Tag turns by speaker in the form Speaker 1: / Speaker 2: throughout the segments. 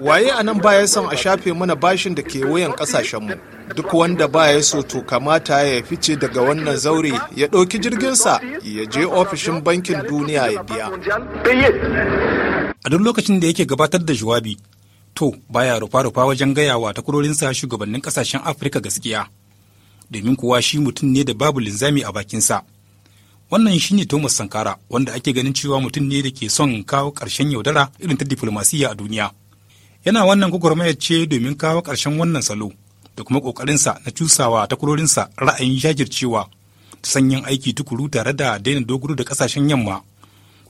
Speaker 1: Waye a nan baya son a shafe mana bashin da ke wuyan mu Duk wanda baya so to kamata ya fice daga wannan zaure ya ɗauki jirginsa ya je ofishin bankin duniya ya biya. A duk
Speaker 2: lokacin da yake gabatar da jawabi, to baya rufa-rufa wajen gayawa ta sa shugabannin kasashen Afirka gaskiya. Domin kuwa shi mutum ne da babu linzami a bakinsa. wannan shine thomas sankara wanda ake ganin cewa mutum ne da ke son kawo ƙarshen yaudara irin ta diflomasiyya a duniya yana wannan gwagwarmayar ce domin kawo ƙarshen wannan salo da kuma ƙoƙarinsa na cusawa takwarorinsa ra'ayin jajircewa ta sanyin aiki tukuru tare da daina dogaro da ƙasashen yamma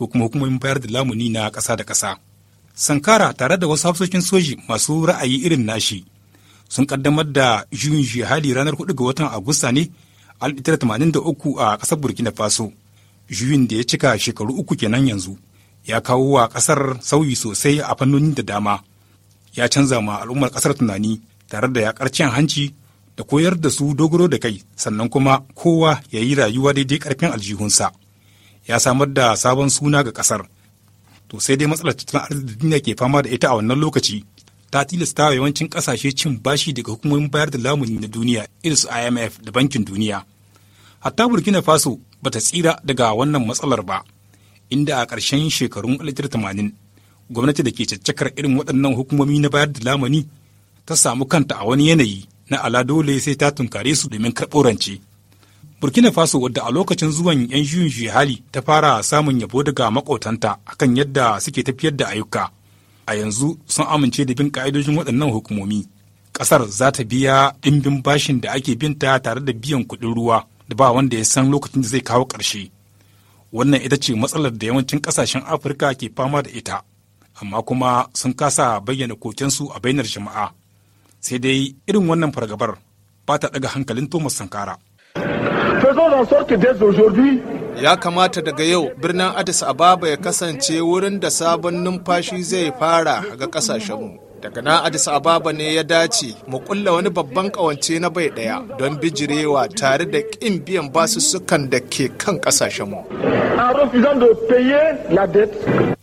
Speaker 2: ko kuma hukumomin bayar da lamuni na ƙasa da ƙasa sankara tare da wasu hafsoshin soji masu ra'ayi irin nashi sun kaddamar da juyin jihadi ranar 4 ga watan agusta ne 1983 a ƙasar burkina faso juyin da ya cika shekaru uku kenan yanzu ya kawo wa ƙasar sauyi sosai a fannoni da dama ya canza ma al'ummar ƙasar tunani tare da ya hanci da koyar da su dogaro da kai sannan kuma kowa ya yi rayuwa daidai ƙarfin aljihunsa ya samar da sabon suna ga ƙasar to sai dai matsalar tattalin da duniya ke fama da ita a wannan lokaci ta tilasta wa yawancin kasashe cin bashi daga hukumomin bayar da lamuni na duniya irinsu imf da bankin duniya hatta burkina faso bata tsira daga wannan matsalar ba inda a ƙarshen shekarun 1980 gwamnati da ke caccakar irin waɗannan hukumomi na bayar da lamuni ta samu kanta a wani yanayi na ala dole sai ta tunkare su domin karɓo rance burkina faso wadda a lokacin zuwan yan juyin hali ta fara samun yabo daga makotanta akan yadda suke tafiyar da ayyuka a yanzu sun amince da bin ka'idojin waɗannan hukumomi ƙasar za ta biya ɗimbin bashin da ake binta tare da biyan kuɗin ruwa da ba wanda ya san lokacin da zai kawo ƙarshe wannan ita ce matsalar da yawancin ƙasashen afirka ke fama da ita amma kuma sun kasa bayyana kokensu a bainar jama'a sai dai irin wannan fargabar
Speaker 1: ba ta ɗaga hankalin thomas sankara ya kamata daga yau birnin addis ababa ya kasance wurin da sabon numfashi zai fara ga kasashenmu daga nan addis ababa ne ya dace mu kulla wani babban kawance na bai daya don bijirewa tare da kin biyan basussukan da ke kan kasashenmu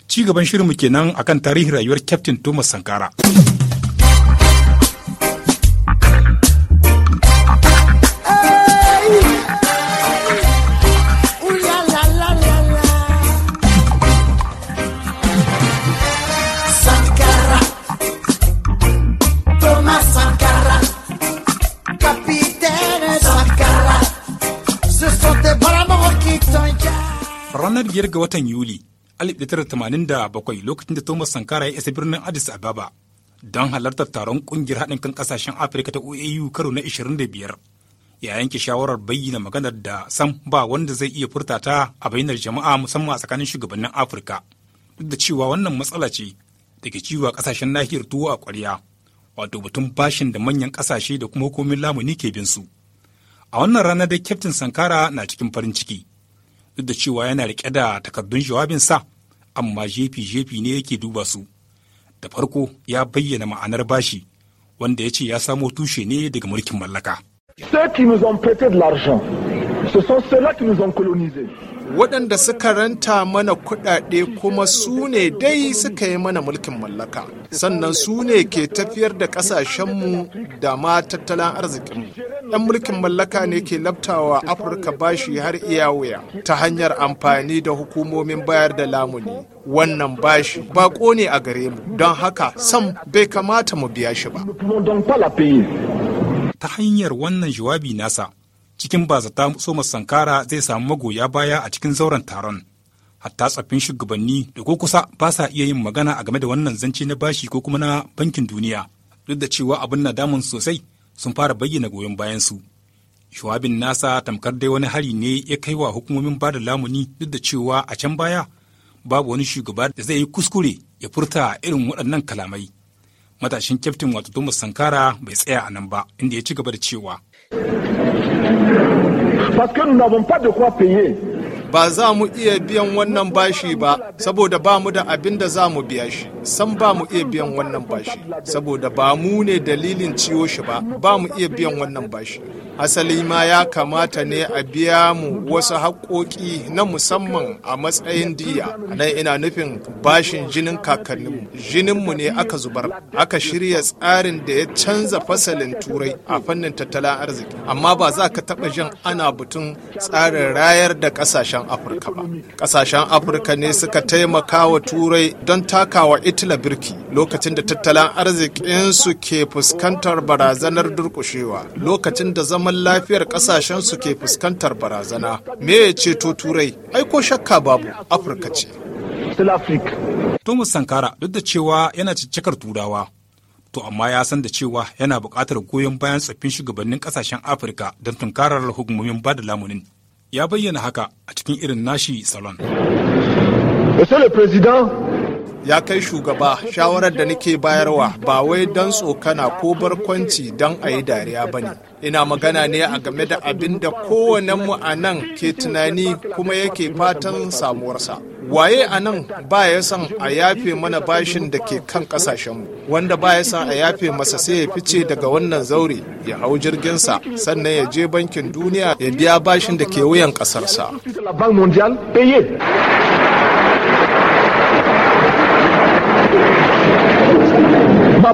Speaker 2: ci gaban shirin shirinmu kenan akan tarihin rayuwar captain thomas sankara ranar biyar ga watan Yuli 1987 lokacin da Thomas Sankara ya isa birnin Addis Ababa don halartar taron kungiyar haɗin kan ƙasashen Afirka ta OAU karo na 25. Ya yanke shawarar bayyana maganar da sam ba wanda zai iya furta ta a bainar jama'a musamman a tsakanin shugabannin Afirka. Duk da cewa wannan matsala ce da ke ciwa ƙasashen nahiyar tuwo a ƙwarya, wato batun bashin da manyan ƙasashe da kuma hukumomin lamuni ke bin su. A wannan rana dai Kyaftin Sankara na cikin farin ciki. duk da cewa yana riƙe da takardun jawabinsa amma jefi-jefi ne yake duba su da farko ya bayyana ma'anar bashi wanda ya ce ya samo tushe ne daga mulkin mallaka
Speaker 1: waɗanda suka ranta mana kuɗaɗe kuma su ne dai suka yi mana mulkin mallaka sannan su ne ke tafiyar da ƙasashenmu da ma tattalin arzikinmu ɗan mulkin mallaka ne ke labtawa afirka bashi har iya wuya ta hanyar amfani da hukumomin bayar da lamuni wannan bashi baƙo ne a gare mu don haka sam bai kamata mu biya shi ba
Speaker 2: ta hanyar wannan jawabi nasa cikin bazata soma sankara zai samu magoya baya a cikin zauren taron hatta tsaffin shugabanni da ko kusa ba sa iya yin magana a game da wannan zance na bashi ko kuma na bankin duniya duk da cewa abin na damun sosai sun fara bayyana goyon bayan su shuwabin nasa tamkar dai wani hari ne ya kai wa hukumomin ba da lamuni duk da cewa a can baya babu wani shugaba da zai yi kuskure ya furta irin waɗannan kalamai matashin kyaftin wato thomas sankara bai tsaya a nan ba inda ya ci gaba da cewa
Speaker 1: Ba za mu iya biyan wannan bashi ba, saboda ba mu da abin da za mu biya shi. san ba mu iya biyan wannan bashi saboda ba mu ne dalilin ciwo shi ba ba mu iya biyan wannan bashi asali ma ya kamata ne a biya mu wasu haƙoƙi na musamman a matsayin diya nan ina nufin bashin jinin kakanninmu jininmu ne aka zubar aka shirya tsarin da ya canza fasalin turai a fannin tattalin arziki amma ba za ka taɓa jin ana butun tsarin rayar da ƙasashen afirka ba ƙasashen afirka ne suka taimaka wa turai don takawa ita tila birki lokacin da tattalin arzikinsu ke fuskantar barazanar durkushewa lokacin da zaman lafiyar su ke fuskantar barazana me ya ceto turai aiko shakka babu afirka ce Thomas Sankara duk da cewa
Speaker 2: yana cikakar turawa to amma ya san da cewa yana buƙatar goyon bayan tsaffin shugabannin ƙasashen afirka don tunkarar hukumomin ba da lamunin ya bayyana haka a cikin irin nashi
Speaker 1: salon. Monsieur le Président, ya kai shugaba shawarar da nake bayarwa ba wai don tsokana ko barkwanci don a yi dariya ba ne ina magana ne a game da abin da kowanenmu a nan ke tunani kuma yake fatan samuwarsa waye a nan ba ya san a yafe mana bashin da ke kan kasashenmu wanda ba ya san a yafe masa sai ya fice daga wannan zaure ya hau jirginsa sannan ya je bankin duniya ya biya bashin da ke wuyan ƙasarsa.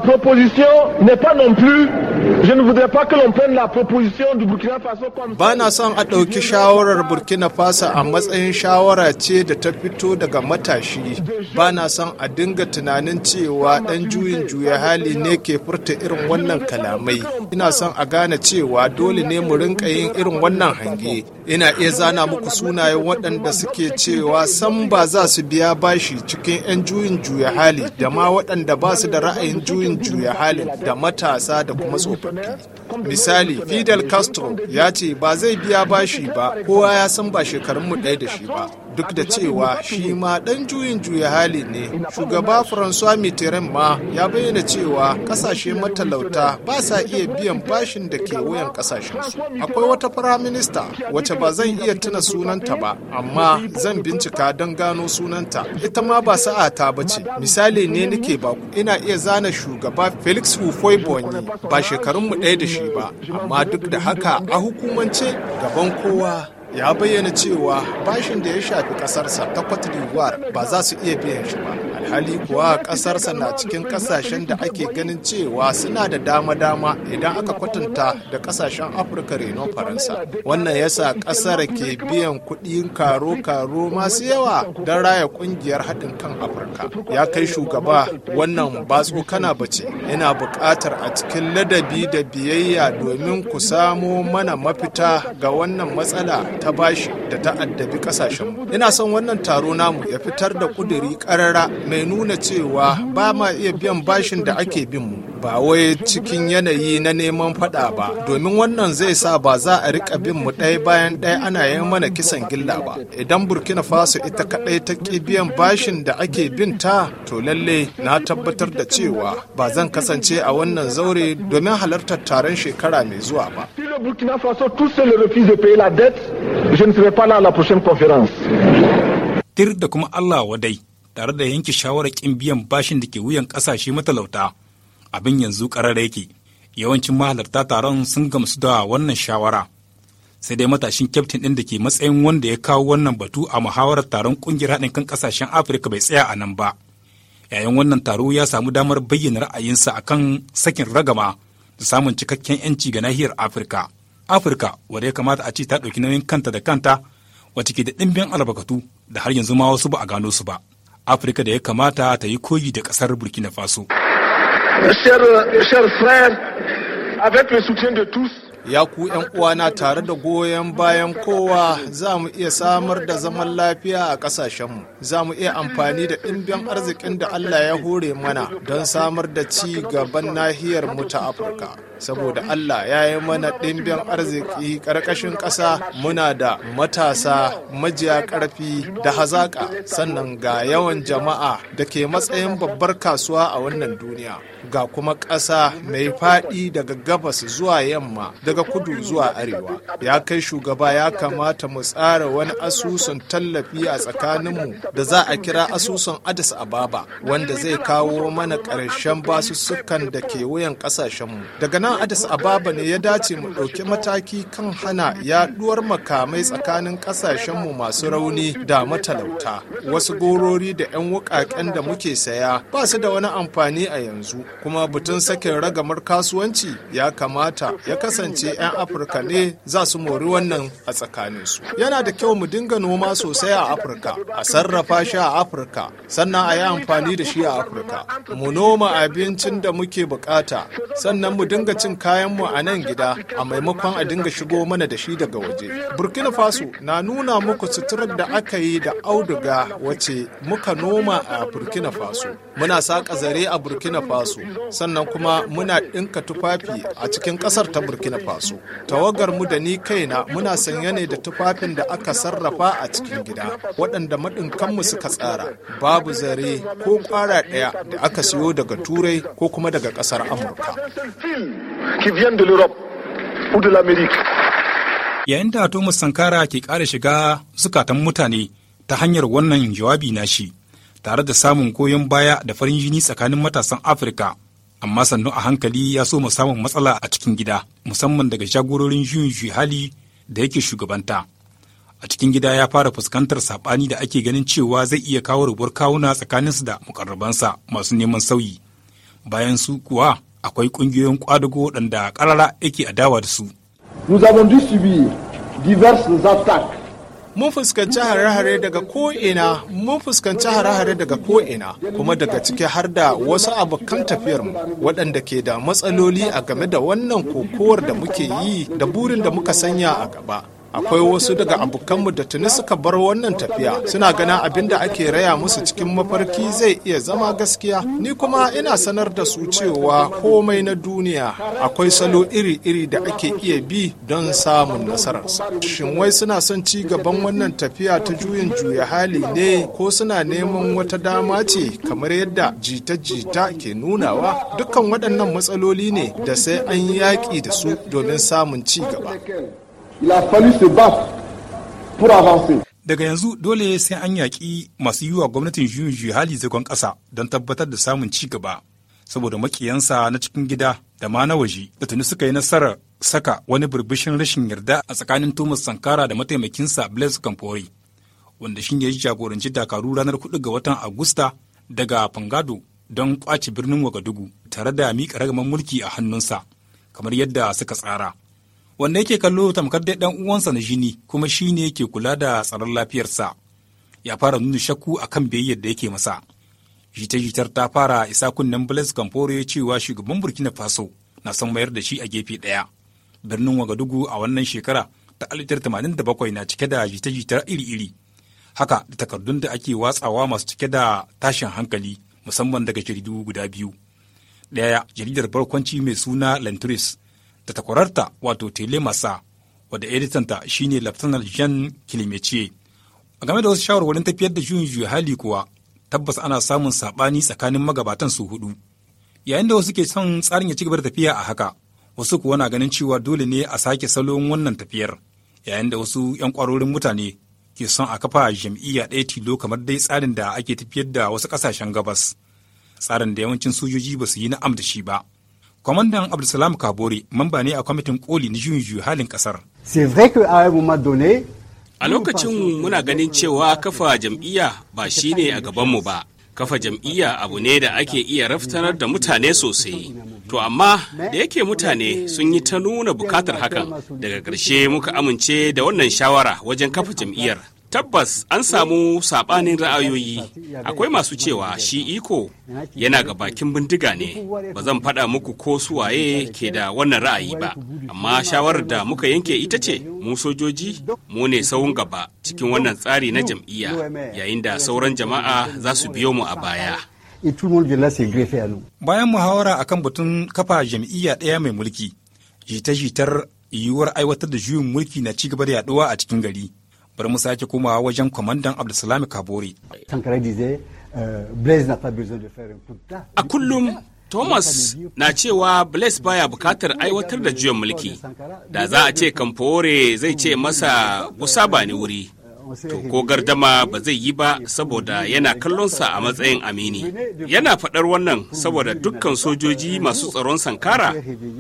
Speaker 1: proposition n'est pas non plus Ba na son a ɗauki shawarar Burkina Faso a matsayin shawara ce da ta fito daga matashi. Ba na son a dinga tunanin cewa ɗan juyin juya hali ne ke furta irin wannan kalamai. Ina son a gane cewa dole ne mu rinka yin irin wannan hange. Ina iya zana muku sunayen waɗanda suke cewa san ba za su biya bashi cikin 'yan juyin juya hali da ma waɗanda ba su da ra'ayin juyin juya halin da matasa da kuma tsoron. Castro. Misali, Fidel Castro ya ce ba zai biya bashi ba, kowa ya san ba shekarunmu ɗaya da shi ba. duk da cewa shi ma dan juyin juya hali ne shugaba francois mitterrand ma ya bayyana cewa ƙasashe matalauta ba sa iya biyan bashin da ke wuyan su. akwai wata firaminista wacce ba zan iya tuna sunanta ba amma zan bincika don gano sunanta ita ma ba sa'a ta bace misali ne nake ba ina iya zana shugaba felix hufoi bonyi ba shekarunmu ɗaya da shi ba amma duk da haka a hukumance gaban kowa ya bayyana cewa bashin da ya shafi kasarsa ta cote d'ivoire ba za su iya biyan shi ba hali kuwa ƙasarsa na cikin ƙasashen da ake ganin cewa suna da dama-dama idan aka kwatanta da ƙasashen afirka reno faransa wannan yasa ƙasar ke biyan kuɗin karo-karo masu yawa don raya ƙungiyar haɗin kan afirka ya kai shugaba wannan tsokana kana bace ina buƙatar a cikin ladabi da biyayya domin ku samo mana mafita ga wannan matsala ta bashi da ta addabi ƙasashenmu ina son wannan taro namu ya fitar da ƙuduri ƙarara mai mai nuna cewa ba ma iya biyan bashin da ake bin mu ba wai cikin yanayi na neman fada ba domin wannan zai sa ba za a rika bin mu ɗaya bayan ɗaya ana yi mana kisan gilla ba idan burkina faso ita kaɗai ta ƙi biyan bashin da ake bin ta to lalle na tabbatar da cewa ba zan kasance a wannan zaure domin halartar taron shekara mai zuwa ba Burkina
Speaker 2: da kuma Allah wadai tare da yanke shawarar kin biyan bashin da ke wuyan ƙasashe matalauta abin yanzu ƙarar yake yawancin mahalarta taron sun gamsu da wannan shawara sai dai matashin kyaftin ɗin da ke matsayin wanda ya kawo wannan batu a muhawarar taron ƙungiyar haɗin kan ƙasashen afirka bai tsaya a nan ba yayin wannan taro ya samu damar bayyana ra'ayinsa a kan sakin ragama da samun cikakken 'yanci ga nahiyar afirka afirka wadda ya kamata a ce ta ɗauki nauyin kanta da kanta wacce ke da ɗimbin albarkatu da har yanzu ma wasu ba a gano su ba afirka da ya kamata ta yi koyi da ƙasar burkina faso
Speaker 1: Chers, chers frères, avec le soutien de ya ku yan uwana tare da goyon bayan kowa za mu iya samar da zaman lafiya a ƙasashenmu za mu iya amfani da ɗimbin arzikin da allah ya hore mana don samar da ci gaban nahiyar mu ta afirka saboda allah ya yi mana ɗimbin arziki ƙarƙashin ƙasa muna da matasa majiya ƙarfi da hazaƙa sannan ga yawan jama'a da ke matsayin babbar kasuwa a wannan duniya ga kuma ƙasa mai faɗi daga gabas zuwa yamma da daga kudu zuwa arewa ya kai shugaba ya kamata mu tsara wani asusun tallafi a tsakaninmu da za a kira asusun addis ababa wanda zai kawo mana ƙarshen basussukan da ke wuyan ƙasashenmu daga nan addis ababa ne ya dace mu ɗauki mataki kan hana yaɗuwar makamai tsakanin ƙasashenmu masu rauni da matalauta wasu gorori da 'yan wuƙaƙen da muke saya ba su da wani amfani a yanzu kuma batun sakin ragamar kasuwanci ya kamata ya kasance kasance 'yan afirka ne za su mori wannan a tsakanin su yana da kyau mu dinga noma sosai a afirka a sarrafa shi a afirka sannan a yi amfani da shi a afirka mu noma abincin da muke bukata sannan mu dinga cin kayanmu a nan gida a maimakon a dinga shigo mana da shi daga waje burkina faso na nuna muku suturar da aka yi da auduga wace muka noma a burkina faso muna saƙa zare a burkina faso sannan kuma muna ɗinka tufafi a cikin ƙasar ta burkina faso Tawagar mu da ni kaina muna sanya ne da tufafin da aka sarrafa a cikin gida waɗanda maɗinkanmu suka tsara babu zare ko ƙwara ɗaya da aka siyo daga Turai ko kuma daga ƙasar Amurka.
Speaker 2: Yayin da Thomas Sankara ke ƙara shiga zukatan mutane ta hanyar wannan jawabi na shi, tare da samun koyon baya da farin jini tsakanin matasan Afirka amma sannu a hankali ya so mu samun matsala a cikin gida musamman daga shagororin juyin hali da yake shugabanta a cikin gida ya fara fuskantar saɓani da ake ganin cewa zai iya kawo rubar kawuna tsakaninsu da mukarrabansa masu neman sauyi bayan su kuwa akwai ƙungiyoyin ƙwadago waɗanda ƙarara yake adawa da su.
Speaker 1: Nous avons distribué diverses attaques mun fuskanci hare-hare daga ko'ina mun fuskanci hare-hare daga ko'ina kuma daga ciki har da wasu abokan tafiyarmu waɗanda ke da matsaloli a game da wannan kokowar da muke yi da burin da muka sanya a gaba akwai wasu daga abokanmu da tuni suka bar wannan tafiya suna gana abin da ake raya musu cikin mafarki zai iya zama gaskiya ni kuma ina sanar da su cewa komai na duniya akwai salo iri-iri da ake iya bi don samun nasararsa shin wai suna son ci gaban wannan tafiya ta juyin juya hali ne ko suna neman wata dama ce kamar yadda jita-jita ke nunawa dukkan waɗannan matsaloli ne da sai an yaƙi da su domin samun ci gaba Il a fallu se battre pour avancer. Daga yanzu dole
Speaker 2: sai an yaƙi masu yiwa gwamnatin juyin hali zagon ƙasa don tabbatar da samun ci gaba. Saboda maƙiyansa na cikin gida da ma na waje da tuni suka yi nasarar saka wani birbishin rashin yarda a tsakanin Thomas Sankara da mataimakinsa Blaise Compaoré, wanda shi ne ya jagoranci dakaru ranar 4 ga watan Agusta daga Fangado don kwace birnin Wagadugu tare da miƙa ragaman mulki a hannunsa, kamar yadda suka tsara. wanda yake kallo tamkar dai ɗan uwansa na jini kuma shi ne yake kula da tsaron lafiyarsa ya fara nuna shakku a kan biyayyar da yake masa jita-jitar ta fara isa kunnen blaise kamfore cewa shugaban burkina faso na son mayar da shi a gefe ɗaya birnin wagadugu a wannan shekara ta tamanin da bakwai na cike da jita-jitar iri-iri haka da takardun da ake watsawa masu cike da tashin hankali musamman daga jaridu guda biyu ɗaya jaridar barkwanci mai suna lentris da takwararta wato tele masa wadda editanta shine laftanar jean kilimeciye a game da wasu shawarwarin tafiyar da juyin juya hali kuwa tabbas ana samun saɓani tsakanin magabatan su hudu yayin da wasu ke son tsarin ya ci gaba da tafiya a haka wasu kuwa na ganin cewa dole ne a sake salon wannan tafiyar yayin da wasu 'yan kwarorin mutane ke son a kafa jam'iyya ɗaya tilo kamar dai tsarin da ake tafiyar da wasu ƙasashen gabas tsarin da yawancin sojoji ba su yi na'am da shi ba kwamandan abdulsalam kabore mamba ne a kwamitin koli na juyin halin kasar
Speaker 3: a lokacin muna ganin cewa kafa jam'iyya ba shi ne a gabanmu ba kafa jam'iyya abu ne da ake iya raftanar da mutane sosai to amma da yake mutane sun yi ta nuna bukatar hakan daga ƙarshe muka amince da wannan shawara wajen kafa jam'iyyar Tabbas an samu saɓanin ra'ayoyi, akwai masu cewa shi iko yana ga bakin bindiga ne, ba zan faɗa muku ko suwaye ke da wannan ra'ayi ba, amma shawarar da muka yanke ita ce mu sojoji mu ne sahun gaba cikin wannan tsari na jam'iyya yayin da sauran jama'a za su biyo mu a baya.
Speaker 2: Bayan muhawara akan batun kafa jam'iyya ɗaya mai mulki, jita-jitar yiwuwar aiwatar da juyin mulki na ci gaba da yaduwa a cikin gari. bari mu sake komawa wajen kwamandan abdulsalami kabori
Speaker 3: eh, a kullum thomas na cewa blaise baya bukatar aiwatar da juyan mulki da za a ce kamfore zai ce masa gusa ba ni wuri to ko gardama ba zai yi ba saboda yana kallonsa a matsayin amini yana faɗar wannan saboda dukkan sojoji masu tsaron sankara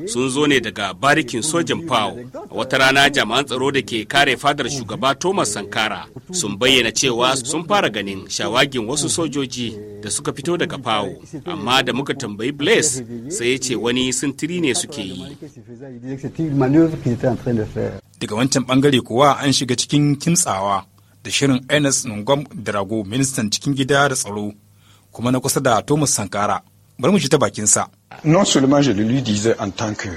Speaker 3: sun zo ne daga barikin sojan a wata rana jami'an tsaro da ke kare fadar shugaba thomas sankara sun bayyana cewa sun fara ganin shawagin wasu sojoji da suka fito daga pao amma da muka tambayi blaise sai ya ce wani sintiri ne suke yi
Speaker 2: daga wancan bangare kuwa an shiga cikin kimtsawa da shirin ernest ngom drago ministan cikin gida da tsaro kuma na kusa da thomas sankara bari mu ji ta sa. non seulement je lui disais en tant que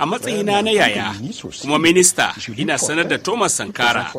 Speaker 3: a matsayina na yaya kuma minista ina sanar da thomas sankara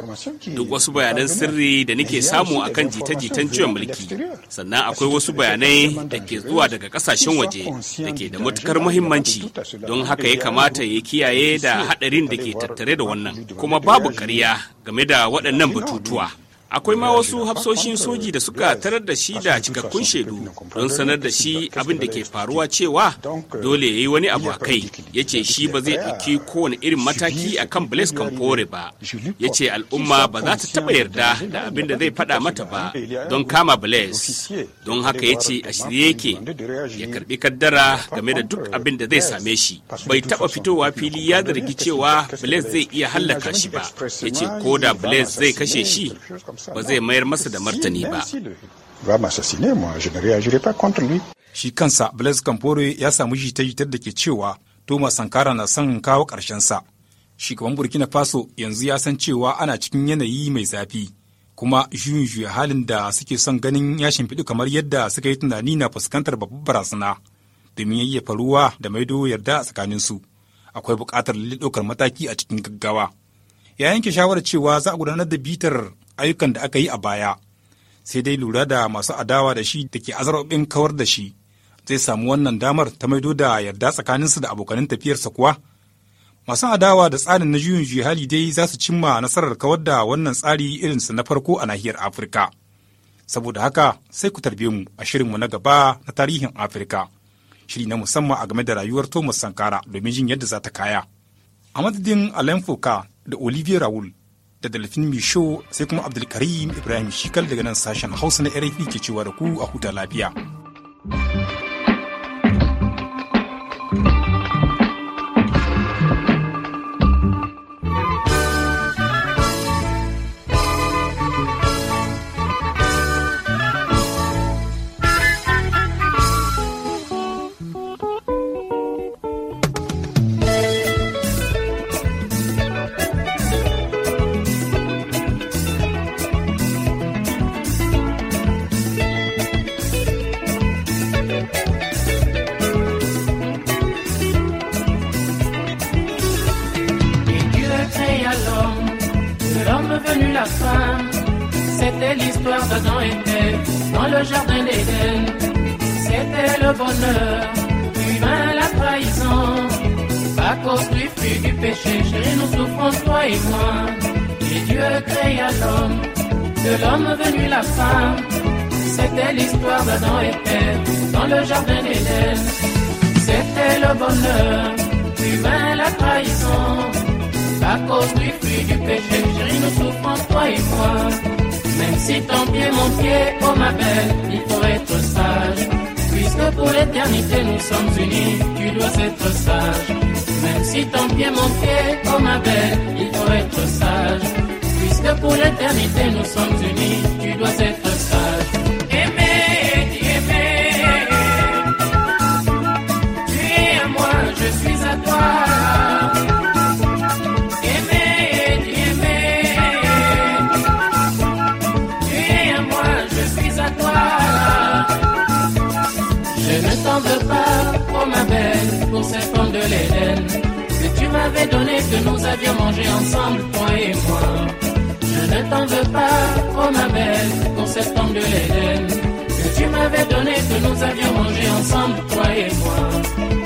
Speaker 3: duk wasu bayanan sirri da nake samu a kan jita-jitan ciwon mulki sannan akwai wasu bayanai da ke zuwa daga kasashen waje da ke da matukar muhimmanci don haka ya kamata ya kiyaye da haɗarin da ke tattare da wannan kuma babu kariya game da waɗannan batutuwa akwai ma wasu hafsoshin soji da suka tarar da shi da cikakkun shaidu don sanar da shi abin da ke faruwa cewa dole ya yi wani abu a kai ya ce shi ba zai ɗauki kowane irin mataki a kan blaise kamfore ba ya ce al'umma ba za ta taɓa yarda da abin da zai faɗa mata ba don kama blaise don haka ya ce a shirye yake ya karɓi kaddara game da duk abin da zai same shi bai taɓa fitowa fili ya zargi cewa blaise zai iya hallaka shi ba ya ce ko da blaise zai kashe shi ba zai mayar masa da martani ba.
Speaker 2: Shi kansa Blaise Compaore ya samu jita-jitar da ke cewa Thomas Sankara na son kawo ƙarshen sa Shugaban Burkina Faso yanzu ya san cewa ana cikin yanayi mai zafi, kuma juyin juya halin da suke son ganin ya shimfiɗu kamar yadda suka yi tunani na fuskantar babbar barazana domin ya iya faruwa da maido yarda a tsakaninsu. Akwai buƙatar ɗaukar mataki a cikin gaggawa. ya yanke shawarar cewa za a gudanar da bitar ayyukan da aka yi a baya sai dai lura da masu adawa da shi da ke azarobin kawar da shi zai samu wannan damar ta maido da yarda tsakaninsu da abokanin tafiyarsa kuwa masu adawa da tsarin na juyin hali dai za su cimma nasarar kawar da wannan tsari irinsa na farko a nahiyar afirka saboda haka sai ku tarbe mu a shirinmu na gaba na tarihin afirka shiri na musamman a game da rayuwar thomas sankara domin jin yadda za ta kaya a madadin alain foka da olivier raoul da dalfin Misho sai kuma Abdulkarim Ibrahim Shikal daga nan sashen Hausa na RFI ke cewa da ku a huta lafiya. thank you
Speaker 4: le jardin d'Eden, C'était le bonheur, humain la trahison. pas cause du fruit du péché, Chérie nous souffrons, toi et moi. Et Dieu créa l'homme, de l'homme venu la femme. C'était l'histoire d'Adam et Ève dans le jardin d'Éden. C'était le bonheur, humain la trahison. pas cause du fruit du péché, chérie, nous souffrons, toi et moi. Même si ton pied, mon pied, oh ma belle, il faut être sage. Puisque pour l'éternité nous sommes unis, tu dois être sage. Même si ton pied, mon pied, oh ma belle, il faut être sage. Puisque pour l'éternité nous sommes unis, tu dois être sage. donné que nous avions mangé ensemble, toi et moi. Je ne t'en veux pas, oh ma belle, pour cette pomme de l'Éden. Que tu m'avais donné que nous avions mangé ensemble, toi et moi.